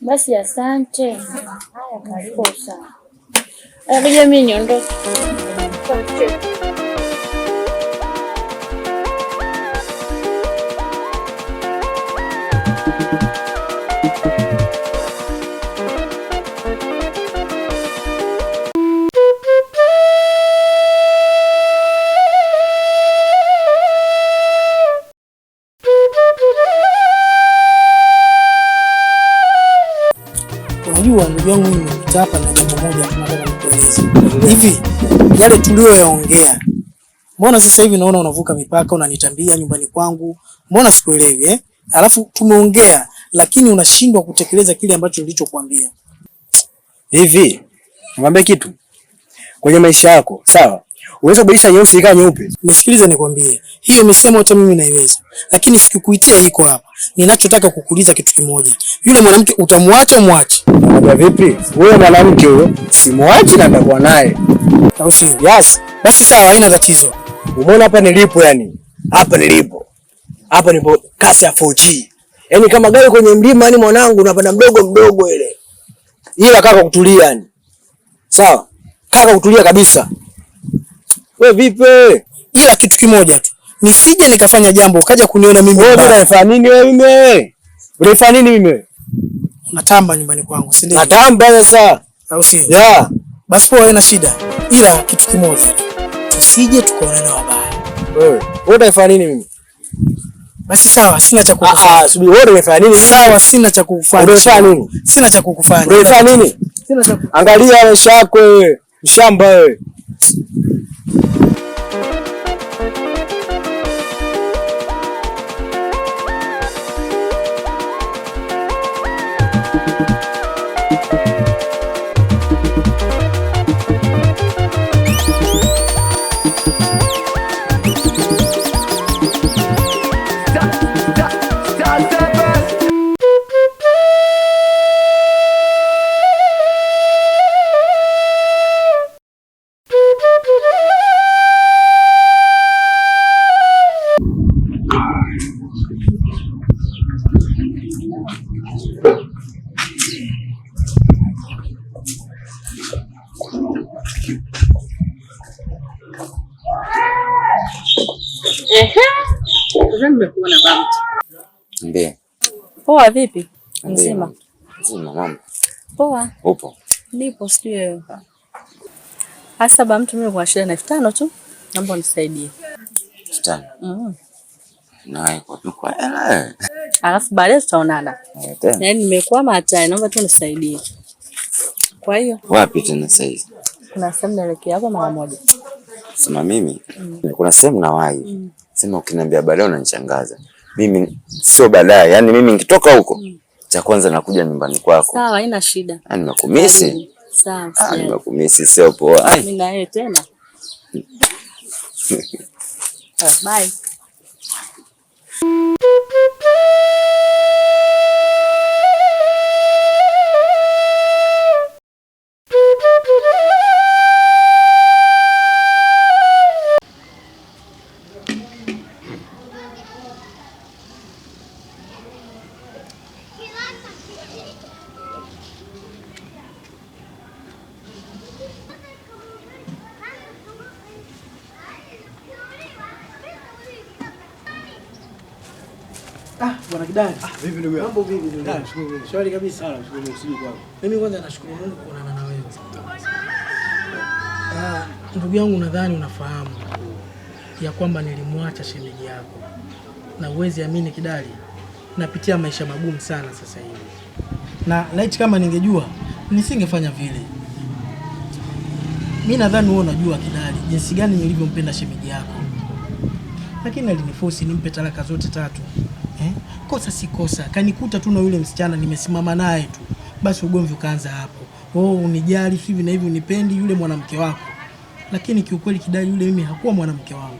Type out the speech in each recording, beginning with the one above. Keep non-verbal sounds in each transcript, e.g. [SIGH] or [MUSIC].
Basi asante. Haya, karibu sana. Akija eh, mimi niondoke. unajua ndugu yangu, mimi nimepita hapa na jambo moja tunataka nikueleze. Hivi yale tuliyoyaongea, mbona sasa hivi naona unavuka mipaka, unanitambia nyumbani kwangu, mbona sikuelewi eh? Alafu tumeongea lakini unashindwa kutekeleza kile ambacho nilichokuambia. Hivi nikwambie kitu kwenye maisha yako, sawa? Unaweza kubadilisha nyeusi ikawa nyeupe. Nisikilize nikwambie. Hiyo misemo yote mimi naiweza. Lakini sikukuitia iko hapa. Ninachotaka kukuuliza kitu kimoja. Yule mwanamke utamwacha mwache? Unajua vipi? Huyo mwanamke huyo simwachi na ndakuwa naye. Au si? Yes. Basi sawa, haina tatizo. Umeona hapa nilipo yani? Hapa nilipo. Hapa nipo kasi ya 4G. Yaani kama gari kwenye mlima yani mwanangu unapanda mdogo mdogo ile. Ila kaka kutulia yani. Sawa? Kaka kutulia kabisa we vipi? ila kitu kimoja tu, nisije nikafanya jambo ukaja kuniona mimi. Wewe unafanya nini wewe? mimi? Unafanya nini mimi? Natamba nyumbani kwangu, si ndio? Natamba sasa, au si? Yeah, basi poa, haina shida, ila kitu kimoja, tu, tusije tukaonana wabaya. Wewe wewe unafanya nini mimi? Basi sawa, sina cha ah, kukufanya. Ah, subiri, wewe unafanya nini? Sawa, sina cha kukufanya. Unafanya nini? Sina cha kukufanya. Unafanya nini? Sina cha Angalia maisha yako wewe, mshamba wewe. you. Ndiyo. Poa, vipi? Mzima. Mzima mama. Poa. Upo? Nipo, sijui wewe. Hasa ba mtu mimi kwa shida na elfu tano tu. Naomba unisaidie. Elfu tano. Mm. Na iko tu kwa hela. Alafu baadaye tutaonana. Eh, yaani nimekwama hata naomba tu unisaidie. Kwa hiyo wapi tena sasa hivi? Kuna sehemu naelekea hapo mara moja. Sema mimi. Mm. Kuna sehemu nawahi. Mm. Sema ukiniambia baadaye unanichangaza. Mimi sio baadaye, yani mimi nikitoka huko mm. cha kwanza nakuja nyumbani kwako. Sawa, haina shida. Ah, nimekumisi. Yaani, sawa. Ah, nimekumisi sio poa. Mimi na yeye tena. [LAUGHS] Ah, bye. Ah, Shwari kabisa. Mimi kwanza nashukuru Mungu kuonana na wewe ah, ndugu yangu. Nadhani unafahamu ya kwamba nilimwacha shemeji yako, na uwezi amini Kidali, napitia maisha magumu sana sasa hivi, na laiti kama ningejua nisingefanya vile. Mi nadhani wewe unajua Kidali, jinsi gani nilivyompenda shemeji yako, lakini alinifosi nimpe talaka zote tatu eh? Kosa si kosa, kanikuta tu na yule msichana nimesimama naye tu, basi ugomvi ukaanza hapo. Oh, unijali hivi na hivi, unipendi yule mwanamke wako. Lakini kiukweli Kidali, yule mimi hakuwa mwanamke wangu.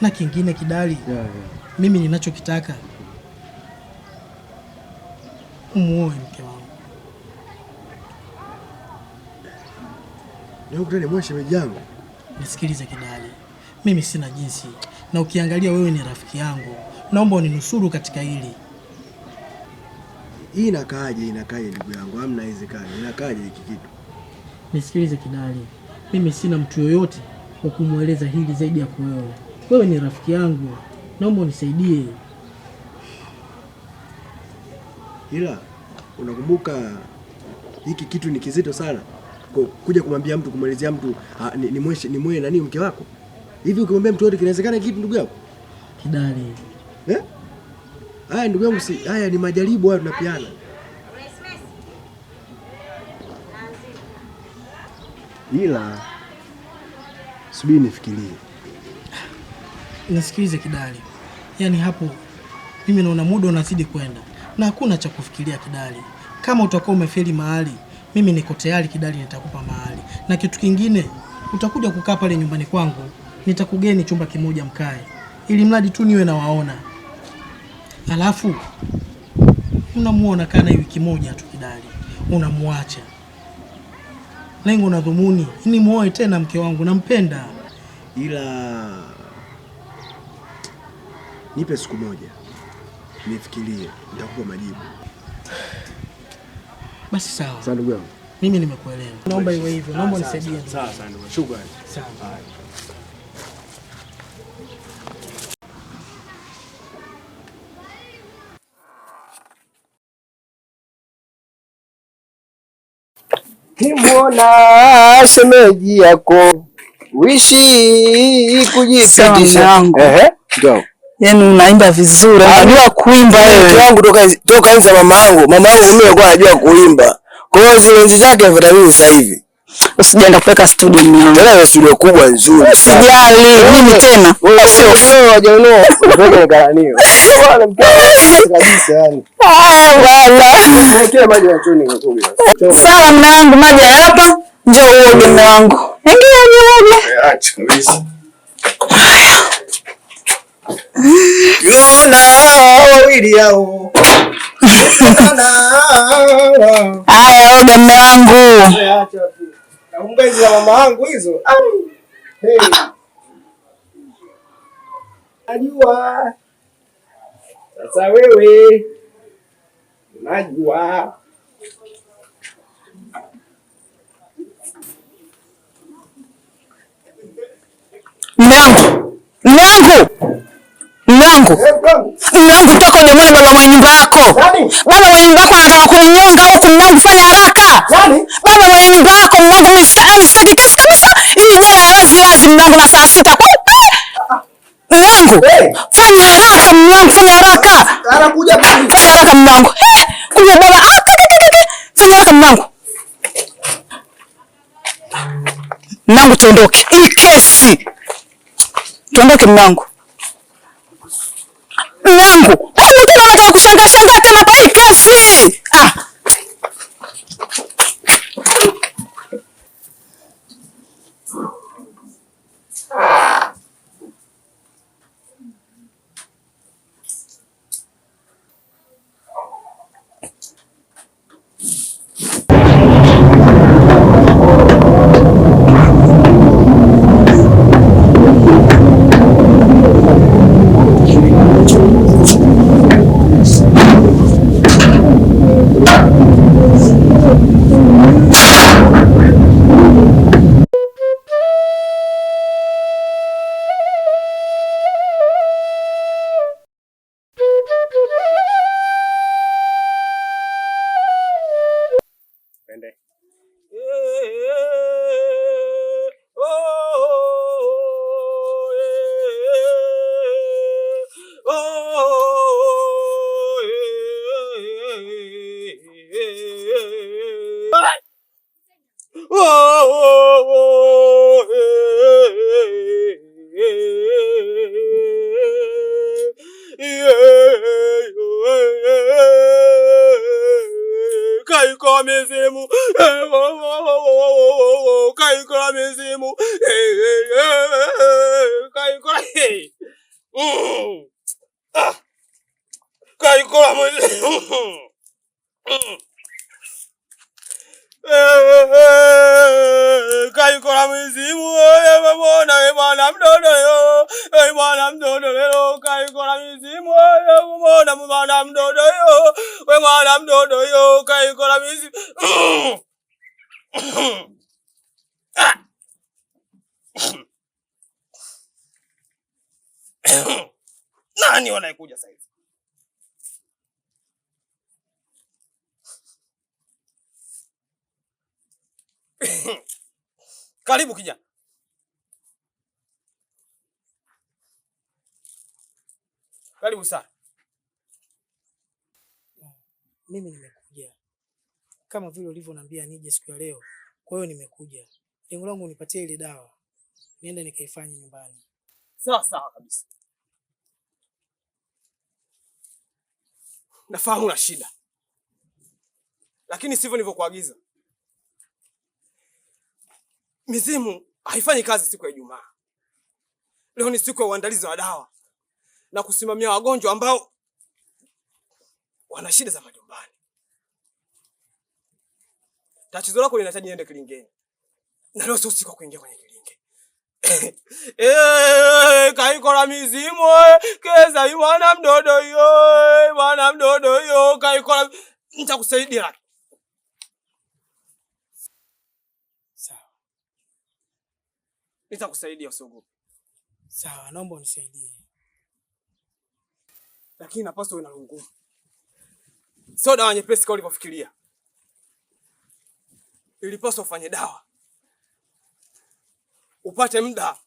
Na kingine Kidali, yeah, yeah. Mimi ninachokitaka umuoe mke wangu. Nisikilize Kidali, mimi sina jinsi na ukiangalia wewe ni rafiki yangu, naomba uninusuru katika hili. Hii inakaaje? Inakaaje ndugu yangu? Hamna hizikani. Inakaaje hiki kitu? Nisikilize kidali mimi sina mtu yoyote wa kumweleza hili zaidi ya wewe. Wewe ni rafiki yangu, naomba unisaidie. Ila unakumbuka hiki kitu ni kizito sana kuja kumwambia mtu, kumwelezea mtu ah, ni mwe nani mke wako Hivi ukimwambia mtu yote kinawezekana kipi ndugu yako? Kidali. Eh? Haya ndugu yangu si haya ni majaribu haya tunapiana. Ila subiri nifikirie. Nisikilize Kidali. Yaani hapo mimi naona muda unazidi kwenda na hakuna cha kufikiria Kidali. Kama utakuwa umefeli mahali, mimi niko tayari Kidali, nitakupa mahali. Na kitu kingine utakuja kukaa pale nyumbani kwangu nitakugeni chumba kimoja mkae, ili mradi tu niwe nawaona. Alafu unamuona kana wiki moja tu kidali, unamwacha. Lengo na dhumuni ni muoe tena mke wangu, nampenda, ila nipe siku moja nifikirie, nitakupa majibu. Basi sawa. ndugu yangu. Mimi nimekuelewa. Naomba iwe hivyo. Naomba nisaidie. Sawa sawa ndugu. Shukrani. Sawa. ukimwona shemeji yako wishi kujipitisha. Ehe, ndio Yani unaimba vizuri, ah, unajua kuimba wewe. Wangu toka toka enzi mama yangu, mama yangu mimi alikuwa anajua kuimba, kwa hiyo zile enzi zake vitamini sasa hivi usijaenda kuweka studio nyingi. Tena studio kubwa nzuri. Usijali mimi tena. Sio wewe wajaonea. Ngoja nikaranio. Bwana mkeo kabisa yani. Ah bwana. maji ya Sawa mwanangu wangu maji hapa. ndio uoge mume wangu. Ingia nioge. Acha kabisa. [LAUGHS] Yona wawili yao. Haya oge mume wangu. Acha. Kumbe za mama wangu hizo. Najua. Sasa wewe najua mwanangu mwanangu Mlango eh, mlango, toka na mwana wa wanyumba yako bwana. Wa nyumba yako anataka kuninyonga huku mlango, fanya haraka bwana. Wa nyumba yako mlango anasaki kiasi kabisa, ile nywele hawezi wazi mlango, na saa sita kupe mlango, eh. fanya haraka mlango, fanya haraka, ah, fanya haraka mlango, kuja baba, fanya haraka mlango, mlango tuondoke, hii kesi tuondoke mlango wangu. Wewe mtu unataka kushangaa shangaa kama pale kazi Ah, kaikola mizimu wewe bwana, wewe mdodo yo, wewe bwana mdodo leo. Kayukora mzimu wewe bwana, bwana mdodo yo, wewe bwana mdodo yo. Kayukora mzimu nani wanaikuja saizi? Karibu kijana. Karibu sana. Mimi nimekuja kama vile ulivyoniambia nije siku ya leo, kwa hiyo nimekuja. Lengo langu nipatie ile dawa niende nikaifanye nyumbani. Sawa sawa kabisa, nafahamu na shida, lakini sivyo nilivyokuagiza Mizimu haifanyi kazi siku ya Ijumaa. Leo ni siku ya uandalizi wa dawa na kusimamia wagonjwa ambao wana shida za majumbani. Tatizo lako linahitaji niende kilingeni, na leo sio siku ya kuingia kwenye kilinge. [LAUGHS] Eh, eh kaikola mizimu eh, keza iwana mdodo iyo iwana eh, mdodo iyo kaikola, nitakusaidia Nitakusaidia, usiogope. Sawa, naomba unisaidie, lakini napaswa uwe na nguvu, sio dawa nyepesi kama ulivyofikiria. Ilipaswa ufanye dawa, upate muda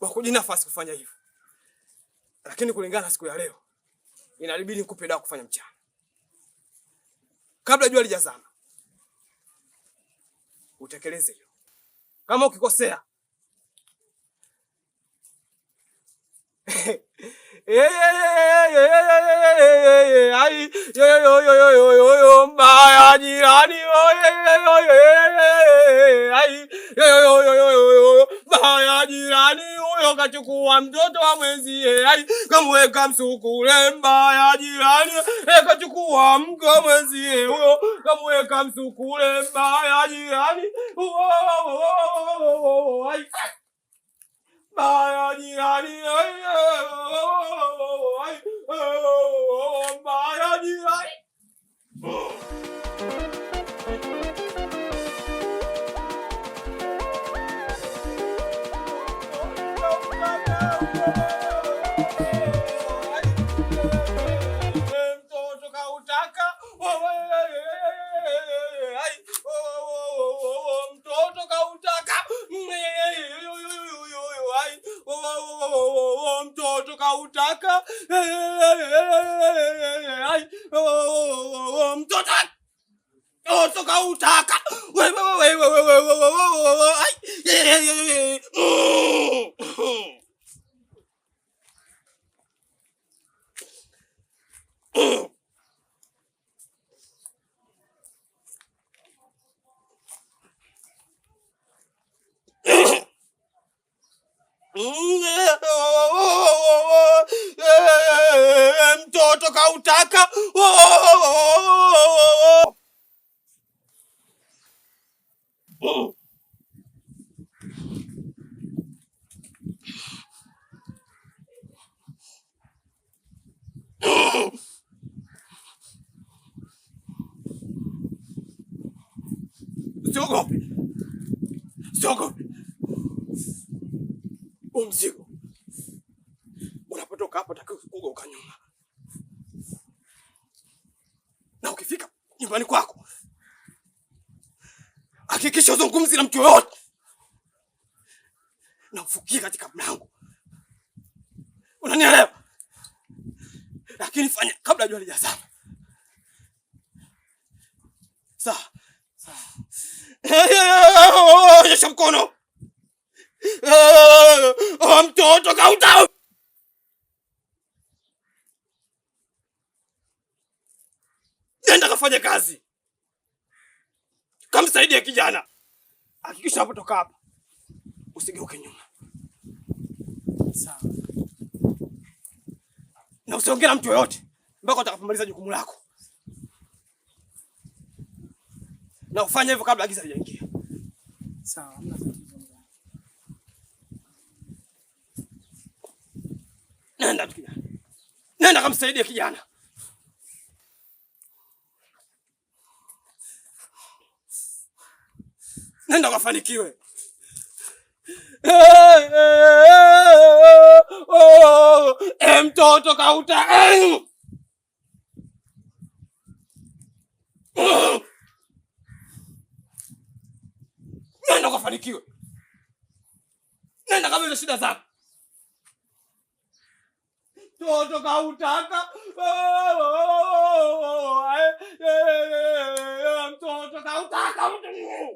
wa kujinafasi kufanya hivyo, lakini kulingana na siku ya leo inabidi nikupe dawa kufanya mchana, kabla jua lijazama, utekeleze hiyo kama ukikosea yoyoyoyoyoyo mbaya jirani, yoyoyoyoyoyo mbaya jirani, huyo kachukua mtoto wa mwenzie, kamweka msukule. Mbaya jirani kachukua mke wa mwenzie, huyo kamweka msukule. Mbaya jirani 妈呀！你呀你呀！妈呀！你呀！đầu trật á ôm cho thật ôm cho câu trà cắt Oh. Mm-hmm. huu mzigo. Unapotoka hapa takiwa kugeuka ukanyuma, na ukifika nyumbani kwako hakikisha uzungumzi na mtu yoyote, na ufukie katika mlango. Unanielewa? Lakini fanya kabla jua lijazama. Toto Kautau. Nenda kafanya kazi, kamsaidia kijana. Hakikisha unapotoka hapa usigeuke nyuma, sawa? Na usiongee na mtu yoyote mpaka utakapomaliza jukumu lako, na ufanye hivyo kabla giza halijaingia, sawa? Nenda tu kijana, nenda kamsaidia kijana. Nenda kafanikiwe. Eh, mtoto kauta nenda kafanikiwe, nenda kama shida zako Toto kautaka mtoto kautaka mtu